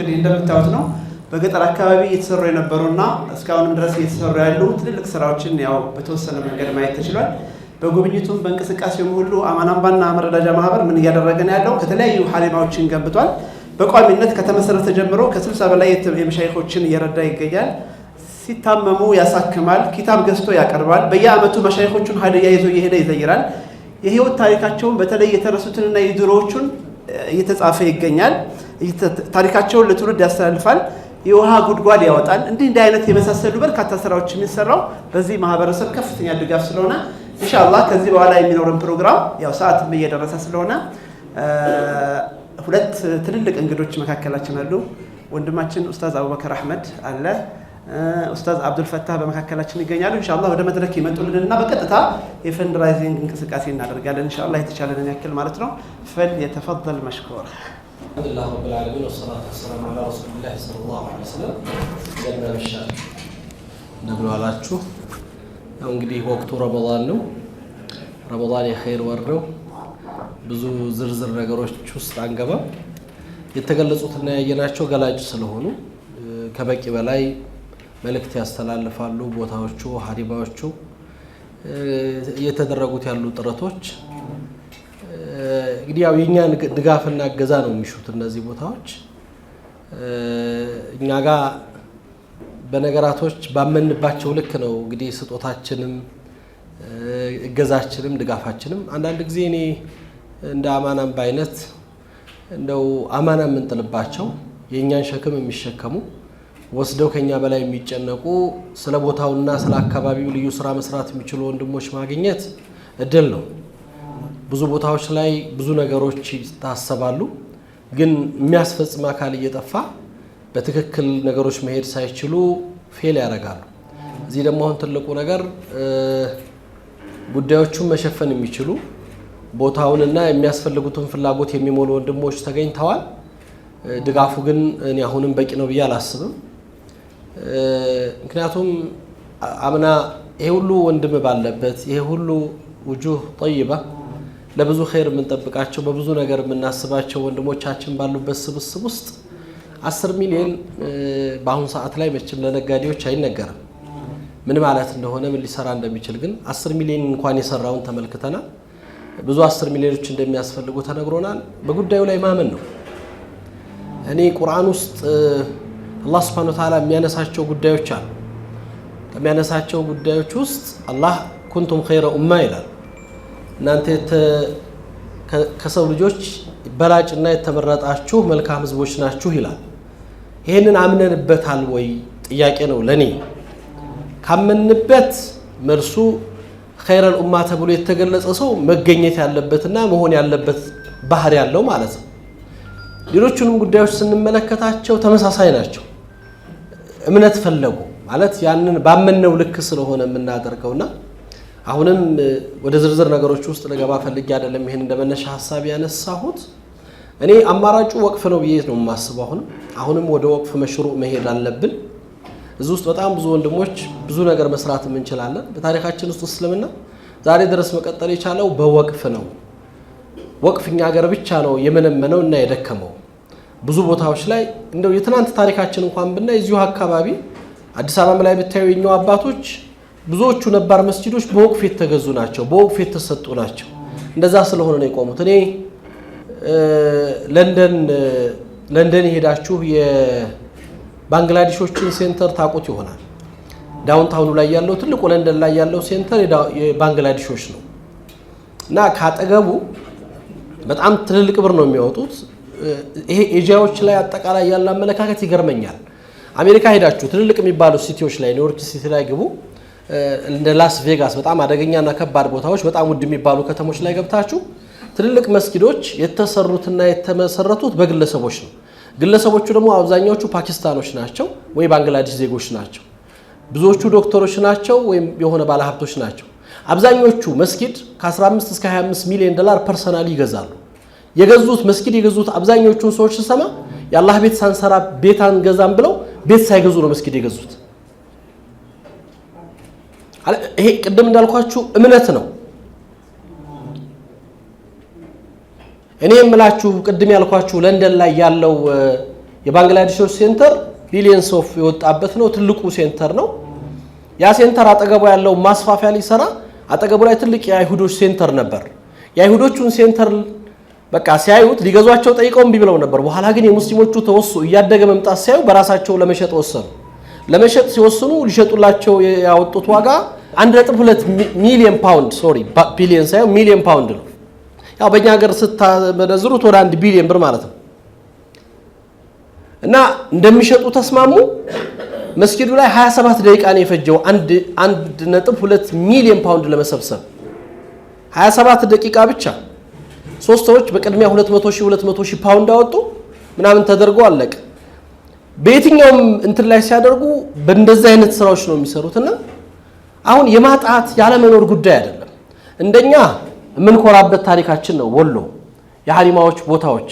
እንግዲህ እንደምታዩት ነው። በገጠር አካባቢ እየተሰሩ የነበሩና እስካሁንም ድረስ እየተሰሩ ያሉ ትልልቅ ስራዎችን ያው በተወሰነ መንገድ ማየት ተችሏል። በጉብኝቱም በእንቅስቃሴውም ሁሉ አማን አምባና መረዳጃ ማህበር ምን እያደረገ ነው ያለው? ከተለያዩ ሀሌማዎችን ገንብቷል። በቋሚነት ከተመሰረተ ጀምሮ ከስልሳ በላይ የመሻይኮችን እየረዳ ይገኛል። ሲታመሙ ያሳክማል። ኪታብ ገዝቶ ያቀርባል። በየአመቱ መሻይኮቹን ሀድያ ይዞ እየሄደ ይዘይራል። የህይወት ታሪካቸውን በተለይ የተረሱትንና የድሮዎቹን እየተጻፈ ይገኛል። ታሪካቸውን ለትውልድ ያስተላልፋል። የውሃ ጉድጓድ ያወጣል። እንዲህ እንዲህ አይነት የመሳሰሉ በርካታ ስራዎች የሚሰራው በዚህ ማህበረሰብ ከፍተኛ ድጋፍ ስለሆነ እንሻላ ከዚህ በኋላ የሚኖርን ፕሮግራም ያው ሰዓትም እየደረሰ ስለሆነ ሁለት ትልልቅ እንግዶች መካከላችን አሉ። ወንድማችን ኡስታዝ አቡበከር አህመድ አለ፣ ኡስታዝ አብዱልፈታህ በመካከላችን ይገኛሉ። ኢንሻአላህ ወደ መድረክ ይመጡልንና በቀጥታ የፈንድራይዚንግ እንቅስቃሴ እናደርጋለን። ኢንሻአላህ የተቻለንን ያክል ማለት ነው። ፈል የተፈضል መሽኮር አልሐምዱሊላህ ረብል ዓለሚን ወሰላቱ ወሰላሙ ዓላ ረሱሊላህ ሰለላሁ ዓለይሂ ወሰለም። እንደምን አመሻችሁ፣ እንደምን ዋላችሁ። ያው እንግዲህ ወቅቱ ረመዳን ነው። ረመዳን የኸይር ወር ነው። ብዙ ዝርዝር ነገሮች ውስጥ አንገባም። የተገለጹትና ያየናቸው ገላጭ ስለሆኑ ከበቂ በላይ መልእክት ያስተላልፋሉ ቦታዎቹ፣ ሀዲማዎቹ፣ እየተደረጉት ያሉ ጥረቶች እንግዲህ ያው የእኛ ድጋፍና እገዛ ነው የሚሹት እነዚህ ቦታዎች እኛ ጋ በነገራቶች ባመንባቸው ልክ ነው እንግዲህ ስጦታችንም እገዛችንም ድጋፋችንም። አንዳንድ ጊዜ እኔ እንደ አማናም በአይነት እንደው አማና የምንጥልባቸው የእኛን ሸክም የሚሸከሙ ወስደው ከኛ በላይ የሚጨነቁ ስለ ቦታውና ስለ አካባቢው ልዩ ስራ መስራት የሚችሉ ወንድሞች ማግኘት እድል ነው። ብዙ ቦታዎች ላይ ብዙ ነገሮች ይታሰባሉ፣ ግን የሚያስፈጽም አካል እየጠፋ በትክክል ነገሮች መሄድ ሳይችሉ ፌል ያደርጋሉ። እዚህ ደግሞ አሁን ትልቁ ነገር ጉዳዮቹን መሸፈን የሚችሉ ቦታውንና የሚያስፈልጉትን ፍላጎት የሚሞሉ ወንድሞች ተገኝተዋል። ድጋፉ ግን እኔ አሁንም በቂ ነው ብዬ አላስብም። ምክንያቱም አምና ይሄ ሁሉ ወንድም ባለበት ይሄ ሁሉ ውጁህ ጠይባ ለብዙ ኸይር የምንጠብቃቸው በብዙ ነገር የምናስባቸው ወንድሞቻችን ባሉበት ስብስብ ውስጥ አስር ሚሊዮን በአሁኑ ሰዓት ላይ መቼም ለነጋዴዎች አይነገርም ምን ማለት እንደሆነ ምን ሊሰራ እንደሚችል ግን አስር ሚሊዮን እንኳን የሰራውን ተመልክተናል። ብዙ አስር ሚሊዮኖች እንደሚያስፈልጉ ተነግሮናል። በጉዳዩ ላይ ማመን ነው። እኔ ቁርአን ውስጥ አላህ ስብሐነሁ ወተዓላ የሚያነሳቸው ጉዳዮች አሉ። ከሚያነሳቸው ጉዳዮች ውስጥ አላህ ኩንቱም ኸይረ ኡማ ይላል። እናንተ ከሰው ልጆች በላጭና የተመረጣችሁ መልካም ህዝቦች ናችሁ ይላል። ይህንን አምነንበታል ወይ ጥያቄ ነው ለኔ። ካመንበት መልሱ ኸይረል ኡማ ተብሎ የተገለጸ ሰው መገኘት ያለበትና መሆን ያለበት ባህሪ ያለው ማለት ነው። ሌሎቹንም ጉዳዮች ስንመለከታቸው ተመሳሳይ ናቸው። እምነት ፈለጉ ማለት ያንን ባመነው ልክ ስለሆነ የምናደርገውና አሁንም ወደ ዝርዝር ነገሮች ውስጥ ልገባ ፈልጌ አይደለም። ይሄን እንደመነሻ ሀሳብ ያነሳሁት እኔ አማራጩ ወቅፍ ነው ብዬ ነው የማስበው። አሁንም አሁንም ወደ ወቅፍ መሽሩ መሄድ አለብን። እዚህ ውስጥ በጣም ብዙ ወንድሞች ብዙ ነገር መስራትም እንችላለን። በታሪካችን ውስጥ እስልምና ዛሬ ድረስ መቀጠል የቻለው በወቅፍ ነው። ወቅፍ እኛ ሀገር ብቻ ነው የመነመነው እና የደከመው። ብዙ ቦታዎች ላይ እንደው የትናንት ታሪካችን እንኳን ብናይ እዚሁ አካባቢ አዲስ አበባ ላይ ብታዩ የኛው አባቶች ብዙዎቹ ነባር መስጂዶች በወቅፍ የተገዙ ናቸው፣ በወቅፍ የተሰጡ ናቸው። እንደዛ ስለሆነ ነው የቆሙት። እኔ ለንደን ለንደን የሄዳችሁ የባንግላዴሾችን ሴንተር ታውቁት ይሆናል። ዳውንታውኑ ላይ ያለው ትልቁ ለንደን ላይ ያለው ሴንተር የባንግላዴሾች ነው እና ካጠገቡ በጣም ትልልቅ ብር ነው የሚያወጡት። ይሄ ኤጂያዎች ላይ አጠቃላይ ያለ አመለካከት ይገርመኛል። አሜሪካ ሄዳችሁ ትልልቅ የሚባሉ ሲቲዎች ላይ ኒውዮርክ ሲቲ ላይ ግቡ እንደ ላስ ቬጋስ በጣም አደገኛና ከባድ ቦታዎች፣ በጣም ውድ የሚባሉ ከተሞች ላይ ገብታችሁ ትልልቅ መስጊዶች የተሰሩትና የተመሰረቱት በግለሰቦች ነው። ግለሰቦቹ ደግሞ አብዛኛዎቹ ፓኪስታኖች ናቸው ወይ ባንግላዴሽ ዜጎች ናቸው። ብዙዎቹ ዶክተሮች ናቸው ወይም የሆነ ባለሀብቶች ናቸው። አብዛኞቹ መስጊድ ከ15 እስከ 25 ሚሊዮን ዶላር ፐርሰናል ይገዛሉ። የገዙት መስጊድ የገዙት አብዛኞቹን ሰዎች ስሰማ የአላህ ቤት ሳንሰራ ቤት አንገዛም ብለው ቤት ሳይገዙ ነው መስጊድ የገዙት። ይሄ ቅድም እንዳልኳችሁ እምነት ነው። እኔ የምላችሁ ቅድም ያልኳችሁ ለንደን ላይ ያለው የባንግላዴሾች ሴንተር ቢሊየንስ ኦፍ የወጣበት ነው። ትልቁ ሴንተር ነው። ያ ሴንተር አጠገቡ ያለው ማስፋፊያ ሊሰራ አጠገቡ ላይ ትልቅ የአይሁዶች ሴንተር ነበር። የአይሁዶቹን ሴንተር በቃ ሲያዩት ሊገዟቸው ጠይቀው እምቢ ብለው ነበር። በኋላ ግን የሙስሊሞቹ ተወሱ እያደገ መምጣት ሲያዩ በራሳቸው ለመሸጥ ወሰኑ። ለመሸጥ ሲወስኑ ሊሸጡላቸው ያወጡት ዋጋ 1.2 ሚሊዮን ፓውንድ ሶሪ ቢሊዮን ሳይሆን ሚሊዮን ፓውንድ ነው። ያው በእኛ ሀገር ስታመነዝሩት ወደ አንድ ቢሊዮን ብር ማለት ነው። እና እንደሚሸጡ ተስማሙ። መስጊዱ ላይ 27 ደቂቃ ነው የፈጀው 1.2 ሚሊዮን ፓውንድ ለመሰብሰብ 27 ደቂቃ ብቻ። ሶስት ሰዎች በቅድሚያ 200 ሺህ 200 ሺህ ፓውንድ አወጡ ምናምን ተደርጎ አለቀ። በየትኛውም እንትን ላይ ሲያደርጉ በእንደዚህ አይነት ስራዎች ነው የሚሰሩትና አሁን የማጣት ያለመኖር ጉዳይ አይደለም። እንደኛ የምንኮራበት ታሪካችን ነው። ወሎ የሀሊማዎች ቦታዎች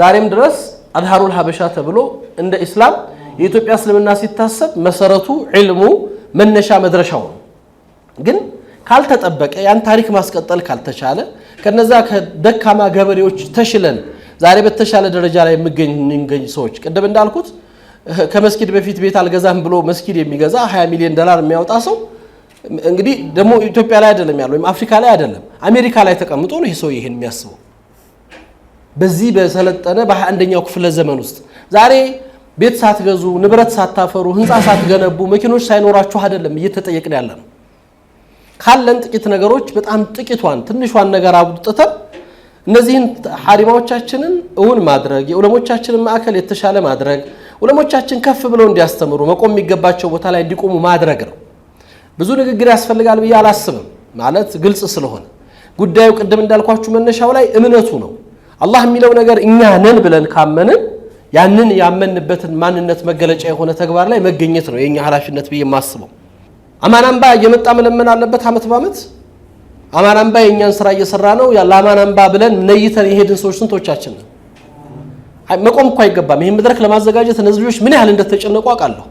ዛሬም ድረስ አድሃሩል ሀበሻ ተብሎ እንደ ኢስላም የኢትዮጵያ እስልምና ሲታሰብ መሰረቱ ዕልሙ መነሻ መድረሻው ነው። ግን ካልተጠበቀ ያን ታሪክ ማስቀጠል ካልተቻለ ከነዛ ከደካማ ገበሬዎች ተሽለን ዛሬ በተሻለ ደረጃ ላይ የምንገኝ ሰዎች ቅድም እንዳልኩት ከመስጊድ በፊት ቤት አልገዛም ብሎ መስጊድ የሚገዛ 20 ሚሊዮን ዶላር የሚያወጣ ሰው እንግዲህ ደግሞ ኢትዮጵያ ላይ አይደለም ያለው ወይም አፍሪካ ላይ አይደለም አሜሪካ ላይ ተቀምጦ ነው ይህ ሰው ይሄን የሚያስበው። በዚህ በሰለጠነ በ21ኛው ክፍለ ዘመን ውስጥ ዛሬ ቤት ሳትገዙ ንብረት ሳታፈሩ ህንፃ ሳትገነቡ መኪኖች ሳይኖራችሁ አይደለም እየተጠየቅን ያለ ነው። ካለን ጥቂት ነገሮች በጣም ጥቂቷን ትንሿን ነገር አብጥተን እነዚህን ሐሪማዎቻችንን እውን ማድረግ የዑለሞቻችንን ማዕከል የተሻለ ማድረግ ዑለሞቻችን ከፍ ብለው እንዲያስተምሩ መቆም የሚገባቸው ቦታ ላይ እንዲቆሙ ማድረግ ነው። ብዙ ንግግር ያስፈልጋል ብዬ አላስብም፣ ማለት ግልጽ ስለሆነ ጉዳዩ ቅድም እንዳልኳችሁ መነሻው ላይ እምነቱ ነው። አላህ የሚለው ነገር እኛ ነን ብለን ካመንን ያንን ያመንበትን ማንነት መገለጫ የሆነ ተግባር ላይ መገኘት ነው የእኛ ኃላፊነት ብዬ የማስበው። አማን እየመጣ መለመን አለበት አመት በአመት አማን የእኛን ስራ እየሰራ ነው። ለአማን ብለን ነይተን የሄድን ሰዎች ስንቶቻችን ነው? መቆም እኮ አይገባም። ይህን መድረክ ለማዘጋጀት እነዚህ ልጆች ምን ያህል እንደተጨነቁ አውቃለሁ።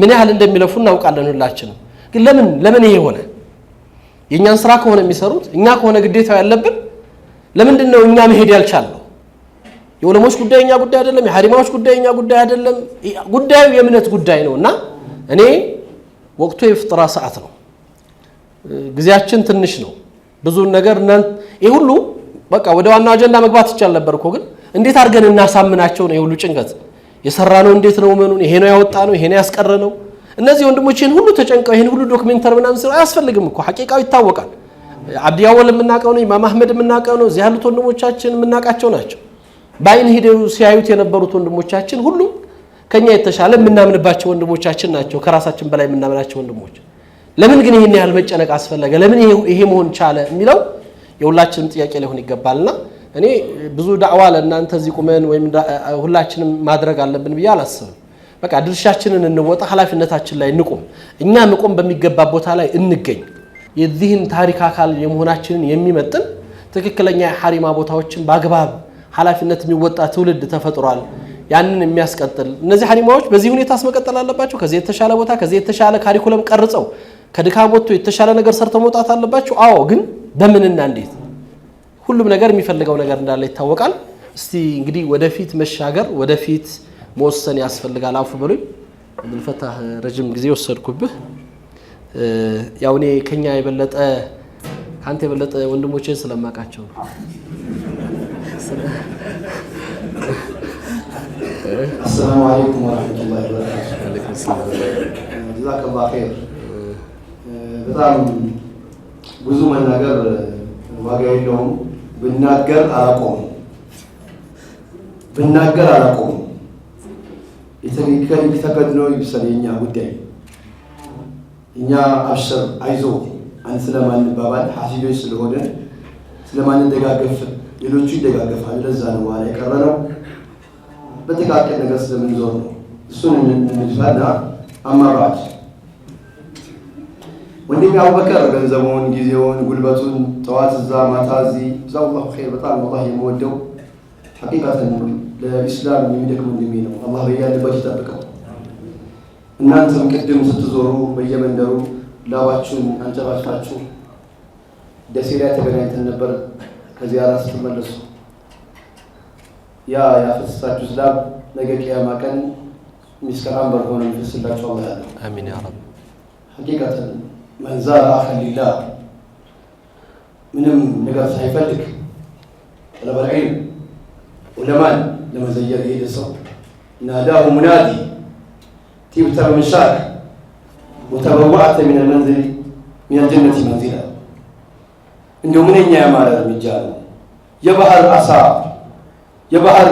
ምን ያህል እንደሚለፉ እናውቃለን ሁላችንም። ግን ለምን ለምን ይሄ ሆነ? የእኛን ስራ ከሆነ የሚሰሩት እኛ ከሆነ ግዴታው ያለብን ለምንድን ነው እኛ መሄድ ያልቻለው? የዑለሞች ጉዳይ እኛ ጉዳይ አይደለም። የሀሪማዎች ጉዳይ እኛ ጉዳይ አይደለም። ጉዳዩ የእምነት ጉዳይ ነው እና እኔ ወቅቱ የፍጥራ ሰዓት ነው። ጊዜያችን ትንሽ ነው። ብዙ ነገር ይህ ሁሉ በቃ ወደ ዋናው አጀንዳ መግባት ይቻል ነበር እኮ ግን እንዴት አድርገን እናሳምናቸው ነው የሁሉ ጭንቀት። የሰራ ነው እንዴት ነው መኑን ይሄ ነው ያወጣ ነው ይሄ ነው ያስቀረ ነው። እነዚህ ወንድሞች ይህን ሁሉ ተጨንቀው ይህን ሁሉ ዶክሜንተር ምናምን ስለ አያስፈልግም እኮ ሐቂቃው ይታወቃል። አብዲያወል የምናውቀው ነው፣ ኢማም አህመድ የምናውቀው ነው። እዚህ ያሉት ወንድሞቻችን የምናውቃቸው ናቸው። በአይን ሂደው ሲያዩት የነበሩት ወንድሞቻችን ሁሉም ከኛ የተሻለ የምናምንባቸው ወንድሞቻችን ናቸው። ከራሳችን በላይ የምናምናቸው ወንድሞች። ለምን ግን ይህን ያህል መጨነቅ አስፈለገ? ለምን ይሄ መሆን ቻለ? የሚለው የሁላችንም ጥያቄ ሊሆን ይገባልና እኔ ብዙ ዳዕዋ ለእናንተ እዚህ ቁመን ወይም ሁላችንም ማድረግ አለብን ብዬ አላስብም። በቃ ድርሻችንን እንወጣ፣ ኃላፊነታችን ላይ እንቁም። እኛ መቆም በሚገባ ቦታ ላይ እንገኝ። የዚህን ታሪክ አካል የመሆናችንን የሚመጥን ትክክለኛ የሐሪማ ቦታዎችን በአግባብ ኃላፊነት የሚወጣ ትውልድ ተፈጥሯል። ያንን የሚያስቀጥል እነዚህ ሐሪማዎች በዚህ ሁኔታ አስመቀጠል አለባቸው። ከዚህ የተሻለ ቦታ ከዚህ የተሻለ ካሪኩለም ቀርጸው ከድካም ወጥቶ የተሻለ ነገር ሰርተው መውጣት አለባቸው። አዎ ግን በምንና እንዴት ሁሉም ነገር የሚፈልገው ነገር እንዳለ ይታወቃል። እስቲ እንግዲህ ወደፊት መሻገር ወደፊት መወሰን ያስፈልጋል። አፉ በሉኝ አብዱልፈታህ ረጅም ጊዜ ወሰድኩብህ። ያው እኔ ከኛ የበለጠ ከአንተ የበለጠ ወንድሞችን ስለማውቃቸው ነው። አሰላሙ አለይኩም ወራህመቱላሂ ወበረካቱህ። በጣም ብዙ መናገር ዋጋ የለውም። ብናገር አላቆም ብናገር አላቆም የተከድነው ይብሰል የእኛ ጉዳይ። እኛ አብሽር አይዞ አንድ ስለማንባባል ሀሲዶች ስለሆነ ስለማንደጋገፍ ሌሎቹ ይደጋገፋል። ለዛ ነው በኋላ የቀረ ነው በጥቃቅን ነገር ስለምንዞር ነው። እሱን እንድንፋና አማራጭ ወንድሜ አቡበከር ገንዘቡን፣ ጊዜውን፣ ጉልበቱን ጠዋት እዛ ማታ እዚህ ዛላ ር በጣም አላህ የመወደው ሐቂቃተን ለኢስላም የሚደክም ወንድሜ ነው። አላህ በያለበት ይጠብቀው። እናንተም ቅድም ስትዞሩ በየመንደሩ ላባችሁን አንጨባጭታችሁ ደሴ ላይ ተገናኝተን ነበር። ከዚያራ ስትመለሱ ያ ያፈሰሳችሁ ላብ ነገ ቅያማ ቀን ሚስከ አንበር ሆነ ይፈስላችሁ አላህ ያለው አሚን ያ ረብ ሐቂቃተን መንዛር አፈሊላ ምንም ነገር ሳይፈልግ ለበልዒል ዑለማን ለመዘየር የሄደ ሰው ናዳሁ ሙናዲ ቲብተ በምሻክ ወተበዋዕተ ሚን ልመንዝል ሚን ልጀነት መንዚላ እንዲሁ ምንኛ ያማረ እርምጃ ነው። የባህር አሳ የባህር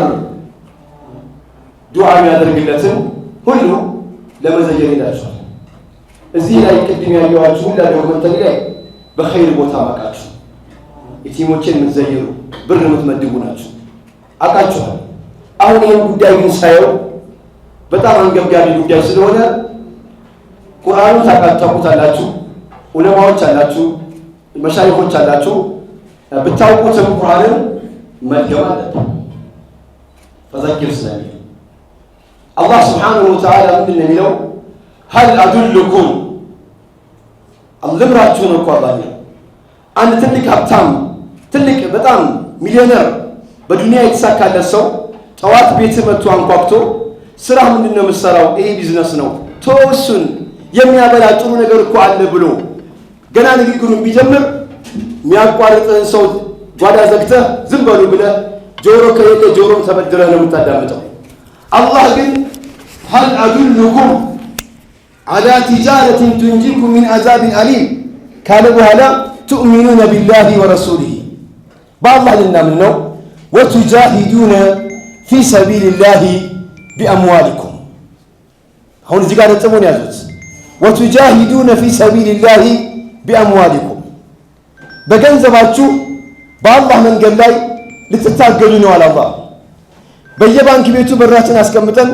ዱዓ የሚያደርግለትን ሁሉ ለመዘየር ሄዳቸዋል። እዚህ ላይ ቅድም ያየኋችሁ ሁላ ዶክመንተሪ ላይ በኸይር ቦታ ማቃችሁ የቲሞችን የምትዘይሩ ብር የምትመድቡ ናችሁ አቃችኋል። አሁን ይህን ጉዳይ ግን ሳየው በጣም አንገብጋቢ ጉዳይ ስለሆነ ቁርአኑ ታውቁት አላችሁ፣ ዑለማዎች አላችሁ፣ መሻይኮች አላችሁ። ብታውቁትም ቁርአንን መድገም አለብን። ፈዘኪር ስለሚ አላህ ስብሓንሁ ወተዓላ ምንድን ነው የሚለው ሀል አዱልኩም ልምራችሁን እኮ አባቴ አንድ ትልቅ ሀብታም ትልቅ በጣም ሚሊዮነር በዱንያ የተሳካለት ሰው ጠዋት ቤት መጥቶ አንኳኩቶ ስራ ምንድን ነው የምትሰራው? ይሄ ቢዝነስ ነው ተወሱን የሚያበላ ጥሩ ነገር እኮ አለ ብሎ ገና ንግግሩን ቢጀምር የሚያቋርጥህን ሰው ጓዳ ዘግተህ ዝም በሉ ብለህ ጆሮ ከሌለ ጆሮም ተበድረህ ነው የምታዳምጠው። አላህ ግን ሀል አዱልኩም አላ ቲጃረትን ቱንጂኩም ሚን አዛብን አሊም ካለ በኋላ ቱእሚኑነ ቢላሂ ወረሱሊህ በአላህ ልናምን ነው። ወቱጃሂዱነ ፊ ሰቢልላሂ ቢአምዋሊኩም። አሁን እዚህ ጋር ነጥቡን ያዙት። ወቱጃሂዱነ ፊ ሰቢልላሂ ቢአምዋሊኩም፣ በገንዘባችሁ በአላህ መንገድ ላይ ልትታገሉ ነው አለ በየባንክ ቤቱ በራችን አስቀምጠን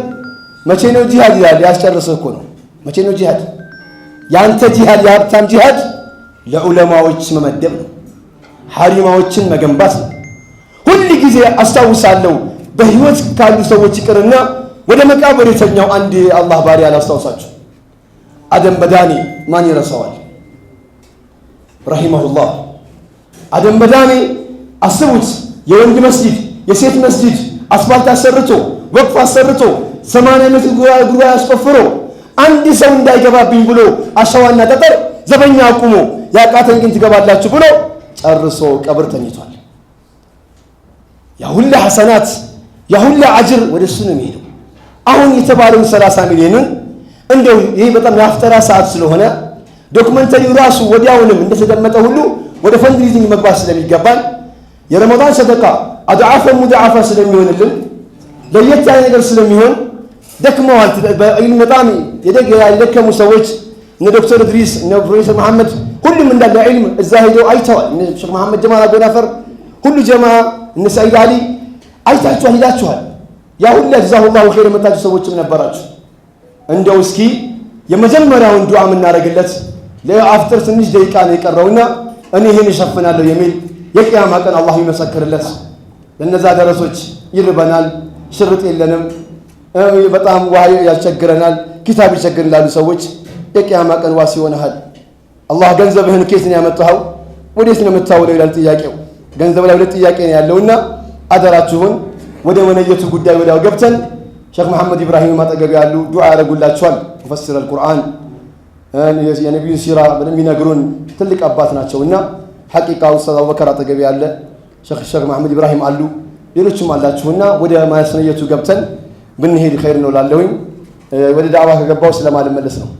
መቼ ነው ጂሃድ ይላል? ያስጨርሰ እኮ ነው መቼ ነው ጂሃድ? የአንተ ጂሃድ የሀብታም ጂሃድ ለዑለማዎች መመደብ ነው። ሐሪማዎችን መገንባት ነው። ሁል ጊዜ አስታውሳለሁ፣ በህይወት ካሉ ሰዎች ይቅርና ወደ መቃብር የተኛው አንድ አላህ ባሪያ አላስታውሳችሁ፣ አደም በዳኔ ማን ይረሳዋል? ረሂመሁላህ አደም በዳኔ አስቡት። የወንድ መስጂድ የሴት መስጂድ አስፋልት አሰርቶ ወቅፍ አሰርቶ ሰማንያ ሜትር ጉራ አስቆፍሮ? አንድ ሰው እንዳይገባብኝ ብሎ አሸዋና ጠጠር ዘበኛ አቁሞ ያቃተኝ ግን ትገባላችሁ ብሎ ጨርሶ ቀብር ተኝቷል። ያሁላ ሐሰናት ያሁላ አጅር ወደ እሱ ነው የሚሄደው። አሁን የተባለውን 30 ሚሊዮንን እንደው ይህ በጣም የአፍጠራ ሰዓት ስለሆነ ዶክመንተሪው ራሱ ወዲያውንም እንደተደመጠ ሁሉ ወደ ፈንድሪዚንግ መግባት ስለሚገባል የረመዳን ሰደቃ አድዓፈ ሙድዓፈ ስለሚሆንልን ለየት ያለ ነገር ስለሚሆን ደክመዋል። በኢልም በጣም የደከሙ ሰዎች እነ ዶክተር እድሪስ እነ ፕሮፌሰር መሐመድ ሁሉም እንዳለ ዒልም እዛ ሄደው አይተዋል። እነ ሼክ መሐመድ ጀማል አጎናፈር ሁሉ ጀማ እነ ሰዒድ አሊ አይታችኋል፣ ሂዳችኋል። ያ ሁላ ዛሁ ላሁ ኸይር የመጣችሁ ሰዎችም ነበራችሁ። እንደው እስኪ የመጀመሪያውን ዱዓ የምናደርግለት ለአፍጥር ትንሽ ደቂቃ ነው የቀረውና እኔ ይህን እሸፍናለሁ የሚል የቅያማ ቀን አላሁ ይመሰክርለት። ለነዛ ደረሶች ይርበናል፣ ሽርጥ የለንም በጣም ውሃ ያስቸግረናል፣ ኪታብ ይቸግር ላሉ ሰዎች የቅያማ ቀን ዋስ ይሆናል። አላህ ገንዘብህን ኬት ነው ያመጣኸው ወዴት ነው የምታውለው ይላል ጥያቄው። ገንዘብ ላይ ሁለት ጥያቄ ነው ያለውና አደራችሁን ወደ ወነየቱ ጉዳይ ወዲያው ገብተን ሼክ መሐመድ ኢብራሂም አጠገብ ያሉ ዱዓ ያደርጉላቸዋል። ሙፈሲር አልቁርአን የነቢዩን ሲራ የሚነግሩን ትልቅ አባት ናቸው እና ሐቂቃ ኡስታዝ አቡበከር አጠገብ ያለ ሼክ መሐመድ ኢብራሂም አሉ ሌሎችም አላችሁና ወደ ማስነየቱ ገብተን ብንሄድ ኸይር ነው ላለሁኝ ወደ ዳዕዋ ከገባው ስለማልመለስ ነው።